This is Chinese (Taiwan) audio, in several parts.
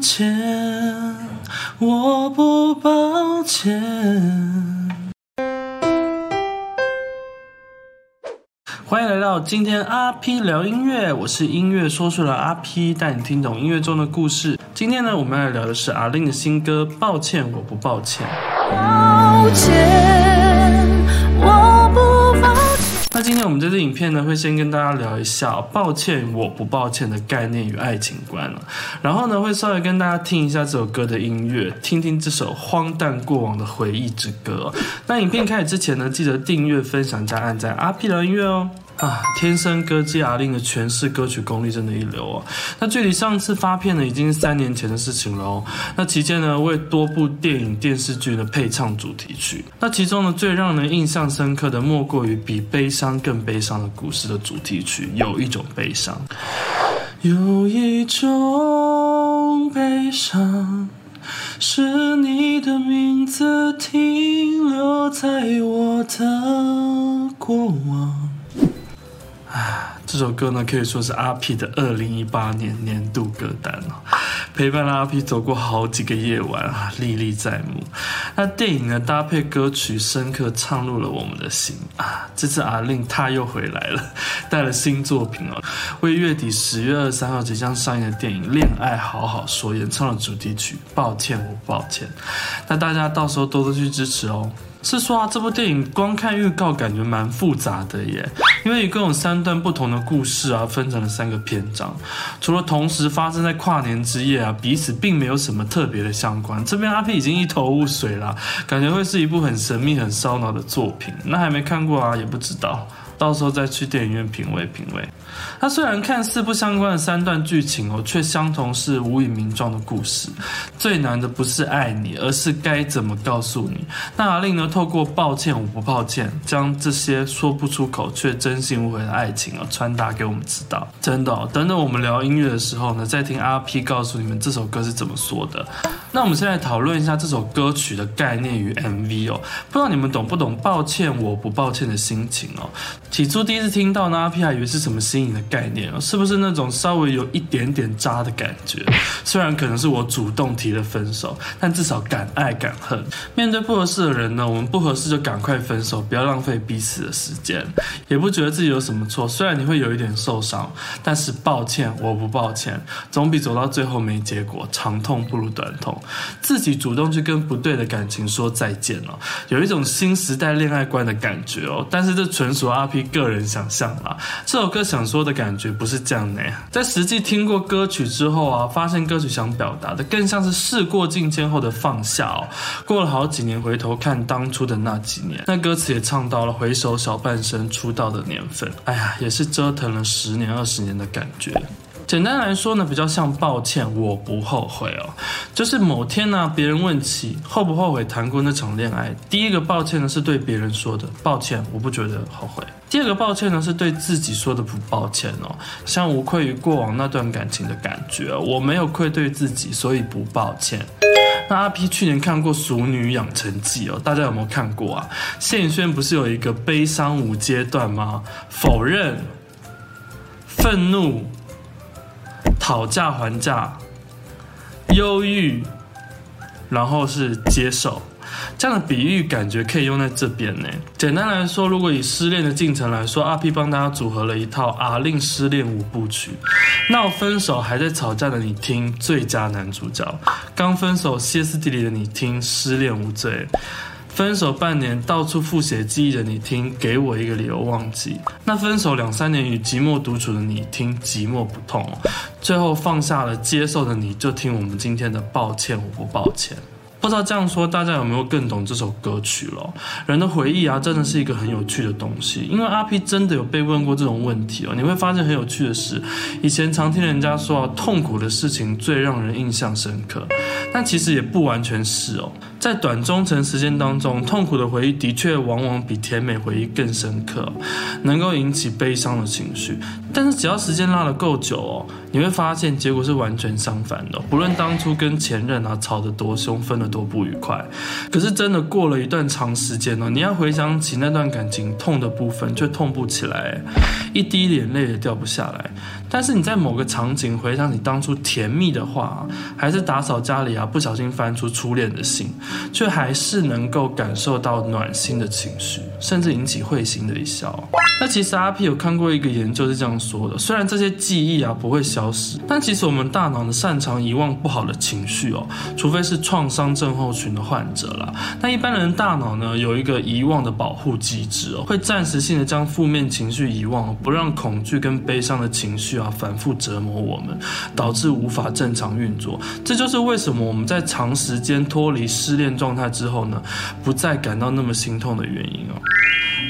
抱歉，我不抱歉。歡迎來到今天阿 P 聊音樂，我是音樂說出的阿 P，帶你聽懂音樂中的故事。今天呢，我們來聊的是 A-Lin 的新歌《抱歉，我不抱歉》抱歉。片呢會先跟大家聊一下，哦“抱歉，我不抱歉”的概念與愛情觀，然後呢會稍微跟大家聽一下這首歌的音樂，聽聽這首荒誕過往的回憶之歌。那影片開始之前呢，記得訂閱、分享、加按讚，阿 P 的音樂哦。啊，天生歌姬 A-Lin 的詮釋歌曲功力真的一流啊！那距離上次發片呢，已經三年前的事情了哦。那期間呢，為多部電影、電視劇的配唱主題曲。那其中呢，最讓人印象深刻的，莫過於《比悲傷更悲傷的故事》的主題曲，有一種悲傷。有一種悲傷，是你的名字停留在我的過往。這首歌呢，可以說是阿 P 的二零一八年年度歌單，陪伴了阿 P 走過好幾個夜晚啊，歷歷在目。那電影呢，搭配歌曲深刻唱入了我們的心啊。這次 A-Lin 他又回來了，帶了新作品哦，為月底十月二十三號即將上映的電影《戀愛好好說》演唱了主題曲。抱歉我抱歉，那大家到時候多多去支持哦。是說啊，這部電影光看預告感覺蠻複雜的耶，因為一共有三段不同的故事啊，分成了三個篇章，除了同時發生在跨年之夜啊，彼此並沒有什麼特別的相關。這邊阿 P 已經一頭霧水啦，感覺會是一部很神秘、很燒腦的作品。那還沒看過啊，也不知道。到時候再去電影院品味品味。它雖然看似不相關的三段劇情哦，卻相同是無以名狀的故事。最難的不是愛你，而是該怎麼告訴你。那 A-Lin 呢？透過抱歉，我不抱歉，將這些說不出口卻真心無悔的愛情哦，傳達給我們知道。真的哦，等等我們聊音樂的時候呢，再聽阿 P 告訴你們這首歌是怎麼說的。那我們現在討論一下這首歌曲的概念與 MV 哦，不知道你們懂不懂？抱歉，我不抱歉的心情哦。起初第一次聽到呢，阿 P 還以為是什麼新穎的概念哦，是不是那種稍微有一點點渣的感覺？雖然可能是我主動提的分手，但至少敢愛敢恨。面對不合適的人呢，我們不合適就趕快分手，不要浪費彼此的時間，也不覺得自己有什麼錯。雖然你會有一點受傷，但是抱歉，我不抱歉，總比走到最後沒結果，長痛不如短痛。自己主動去跟不對的感情說再見了、哦，有一種新時代戀愛觀的感覺哦，但是這純屬阿 P 個人想象啦、啊。這首歌想說的感覺不是這樣的，在實際聽過歌曲之後啊，發現歌曲想表達的更像是事過境遷後的放下哦。過了好幾年，回頭看當初的那幾年，那歌詞也唱到了回首小半生出道的年份。哎呀，也是折騰了十年二十年的感覺。簡單來說呢，比較像抱歉，我不後悔哦。就是某天呢、啊，別人問起後不後悔談過那場戀愛。第一個抱歉呢是對別人說的，抱歉，我不覺得後悔。第二個抱歉呢是對自己說的，不抱歉哦，像無愧於過往那段感情的感覺、哦，我沒有愧對自己，所以不抱歉。那阿 P 去年看過《俗女養成記》哦，大家有沒有看過啊？謝盈萱不是有一個悲傷五階段嗎？否認、憤怒。討價還價，憂鬱，然後是接受，這樣的比喻感覺可以用在這邊呢。簡單來說，如果以失戀的進程來說，阿 P 幫大家組合了一套 A-Lin 失戀五部曲。鬧分手還在吵架的你聽《最佳男主角》，剛分手歇斯底里的你聽《失戀無罪》。分手半年到處複寫記憶的你聽，給我一個理由忘記。那分手兩三年與寂寞獨處的你聽，寂寞不痛。最後放下了接受的你就聽我們今天的抱歉，我不抱歉。不知道這樣說大家有沒有更懂這首歌曲了？人的回憶啊，真的是一個很有趣的東西。因為阿 P 真的有被問過這種問題哦，你會發現很有趣的是，以前常聽人家說啊，痛苦的事情最讓人印象深刻，但其實也不完全是哦、喔。在短、中、長時間當中，痛苦的回憶的確往往比甜美回憶更深刻，能夠引起悲傷的情緒。但是只要時間拉得夠久哦，你會發現結果是完全相反的。不論當初跟前任啊吵得多兇，分得多不愉快，可是真的過了一段長時間哦，你要回想起那段感情痛的部分，卻痛不起來，一滴眼淚也掉不下來。但是你在某個場景回想你當初甜蜜的話啊，還是打掃家裡啊，不小心翻出初戀的信，卻還是能夠感受到暖心的情緒，甚至引起會心的一笑。那其實阿 P 有看過一個研究是這樣說的：雖然這些記憶啊不會消失，但其實我們大腦呢擅長遺忘不好的情緒哦，除非是創傷症候群的患者啦。那一般人大腦呢有一個遺忘的保護機制哦，會暫時性的將負面情緒遺忘，不讓恐懼跟悲傷的情緒。反覆折磨我們，導致無法正常運作。這就是為什麼我們在長時間脫離失戀狀態之後呢，不再感到那麼心痛的原因哦。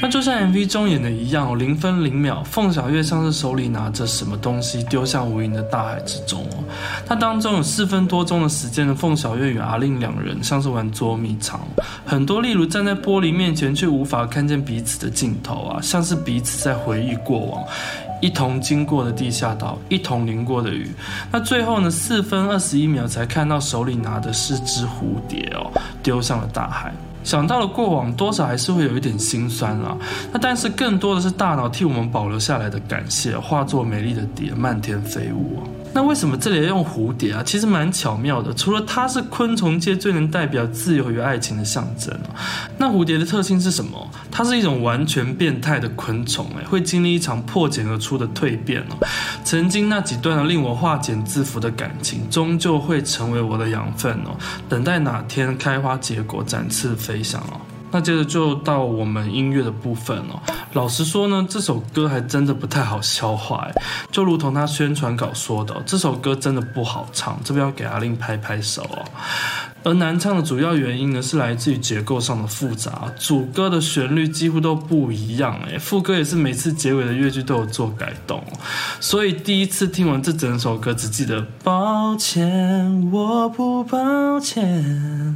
那就像 MV 中演的一樣，零分零秒，鳳小岳像是手裡拿着什麼東西丟向無垠的大海之中哦。那當中有四分多鐘的時間的鳳小岳與 A-Lin 兩人像是玩捉迷藏，很多例如站在玻璃面前卻無法看見彼此的鏡頭啊，像是彼此在回憶過往。一同經過的地下道，一同淋過的雨，那最後呢？四分二十一秒才看到手裡拿的是隻蝴蝶哦，丟上了大海。想到了過往，多少還是會有一點心酸啊。那但是更多的是大腦替我們保留下來的感謝，化作美麗的蝶，漫天飛舞哦。那為什麼這裡要用蝴蝶啊？其實蠻巧妙的。除了它是昆蟲界最能代表自由與愛情的象徵哦，那蝴蝶的特性是什麼？它是一種完全變態的昆蟲，哎，會經歷一場破繭而出的蛻變哦。曾經那幾段的令我化繭自縛的感情，終究會成為我的養分哦。等待哪天開花結果，展翅飛翔哦。那接着就到我們音樂的部分了、喔。老實說呢，這首歌還真的不太好消化，哎，就如同他宣傳稿說的，這首歌真的不好唱。這邊要給阿林拍拍手哦、喔。而難唱的主要原因呢，是來自於結構上的複雜，主歌的旋律幾乎都不一樣、欸，哎，副歌也是每次結尾的樂句都有做改動，所以第一次聽完這整首歌，只記得抱歉，我不抱歉。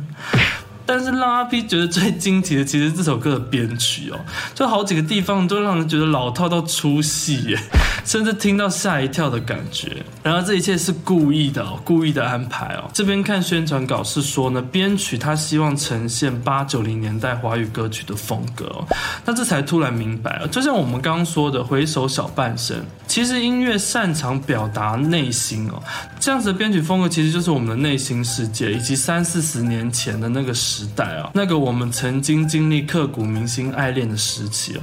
但是讓阿 P 覺得最驚奇的，其實是這首歌的編曲哦、喔，就好幾個地方都讓人覺得老套到出戲耶，甚至聽到嚇一跳的感覺。然而這一切是故意的哦、喔，故意的安排哦、喔。這邊看宣傳稿是說呢，編曲他希望呈現八九零年代華語歌曲的風格哦、喔。那這才突然明白、喔、就像我們剛剛說的，回首小半生。其實音樂擅長表達內心哦，這樣子的編曲風格其實就是我們的內心世界，以及三四十年前的那個時代啊、哦，那個我們曾經經歷刻骨銘心愛戀的時期、哦。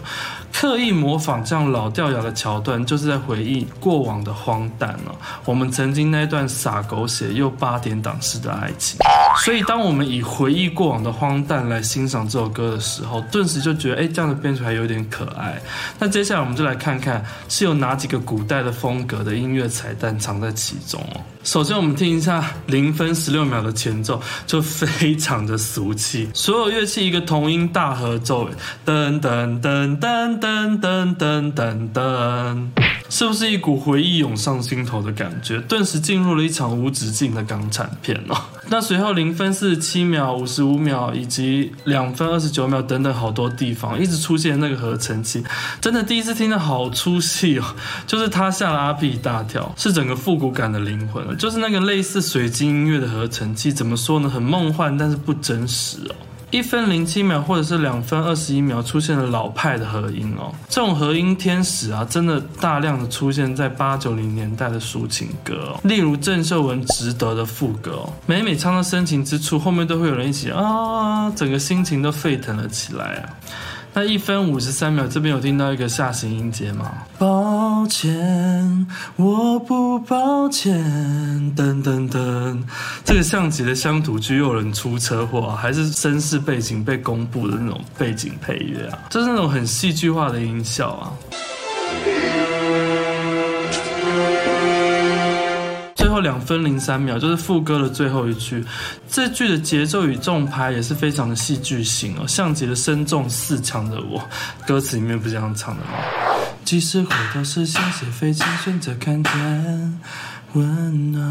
刻意模仿這樣老掉牙的橋段，就是在回憶過往的荒誕啊、哦。我們曾經那一段灑狗血又八點檔式的愛情。所以，當我們以回憶過往的荒誕來欣賞這首歌的時候，頓時就覺得，哎，這樣的編曲還有點可愛。那接下來我們就來看看是有哪幾個。古代的風格的音樂彩蛋藏在其中哦。首先，我們聽一下零分十六秒的前奏，就非常的俗氣，所有樂器一個同音大合奏，噔噔噔噔噔噔噔噔。是不是一股回憶湧上心頭的感覺？頓時進入了一場無止境的港產片哦。那隨後零分四十七秒、五十五秒以及兩分二十九秒等等好多地方，一直出現那個合成器，真的第一次聽得好出戲哦。就是他嚇了阿 P 一大跳，是整個復古感的靈魂，就是那個類似水晶音樂的合成器，怎麼說呢？很夢幻，但是不真實哦。一分零七秒，或者是兩分二十一秒，出現了老派的和音哦。這種和音天使啊，真的大量的出現在八九零年代的抒情歌哦，例如鄭秀文《值得》的副歌哦，每每唱到深情之處，後面都會有人一起啊，整個心情都沸騰了起來啊。1 那一分五十三秒，這邊有聽到一個下行音節嗎？抱歉，我不抱歉。噔噔噔，這個像極了鄉土劇，有人出車禍啊，還是身世背景被公布的那種背景配樂啊，就是那種很戲劇化的音效啊。最後兩分零三秒，就是副歌的最後一句。這句的節奏與重拍也是非常的戲劇性哦，像極了身中四槍的我。歌詞裡面不是這樣唱的嗎？即使回到是，是飛，線，也非只選擇看天溫暖。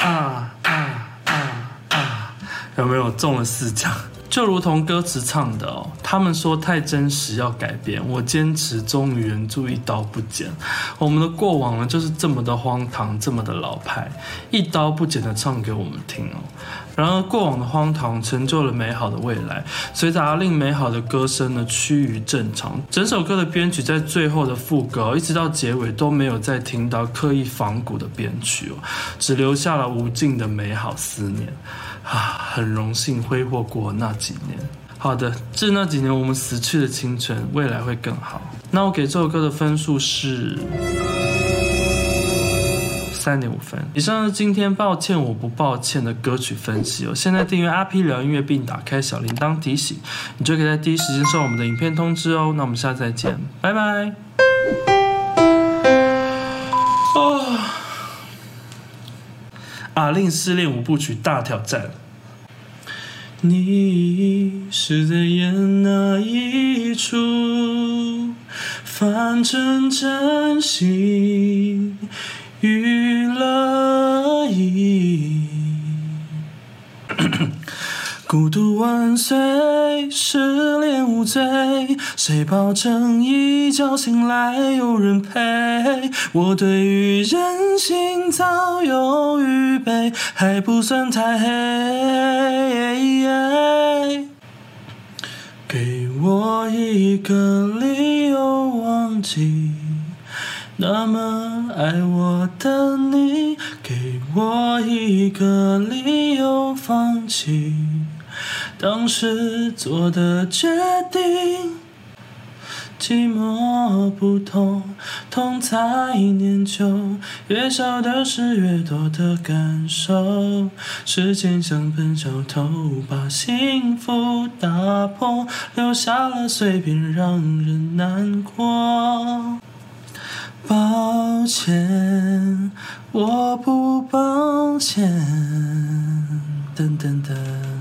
啊啊啊啊！有、啊啊、沒有中了四槍？就如同歌詞唱的哦，他們說太真實要改編。我堅持忠於原著，一刀不剪。我們的過往呢，就是這麼的荒唐，這麼的老派，一刀不剪的唱給我們聽哦。然而，過往的荒唐成就了美好的未來，隨着 A-Lin 美好的歌聲呢趨於正常。整首歌的編曲在最後的副歌，哦，一直到結尾都沒有再聽到刻意仿古的編曲哦，只留下了無盡的美好思念。啊，很榮幸揮霍過那幾年。好的，致那幾年我們死去的青春，未來會更好。那我給這首歌的分數是。三點五分。以上是今天《抱歉我不抱歉》的歌曲分析哦。現在訂閱阿 P 聊音樂，並打開小鈴鐺提醒，你就可以在第一時間收我們的影片通知哦。那我們下次再見，拜拜。哦、啊！A-Lin 失戀五部曲大挑戰。你是在演哪一齣？反正真心。娛樂而已。咳咳，孤獨萬歲，失戀無罪。誰保證一覺醒來有人陪？我對於人心早有預備，還不算太黑耶耶。給我一個理由忘記，那麼。愛我的你，給我一個理由放棄當時做的決定。寂寞不痛，痛在念舊。越小的事，越多的感受。時間像笨小偷，把幸福打破，留下了碎片，讓人難過。抱歉，我不抱歉。等等等。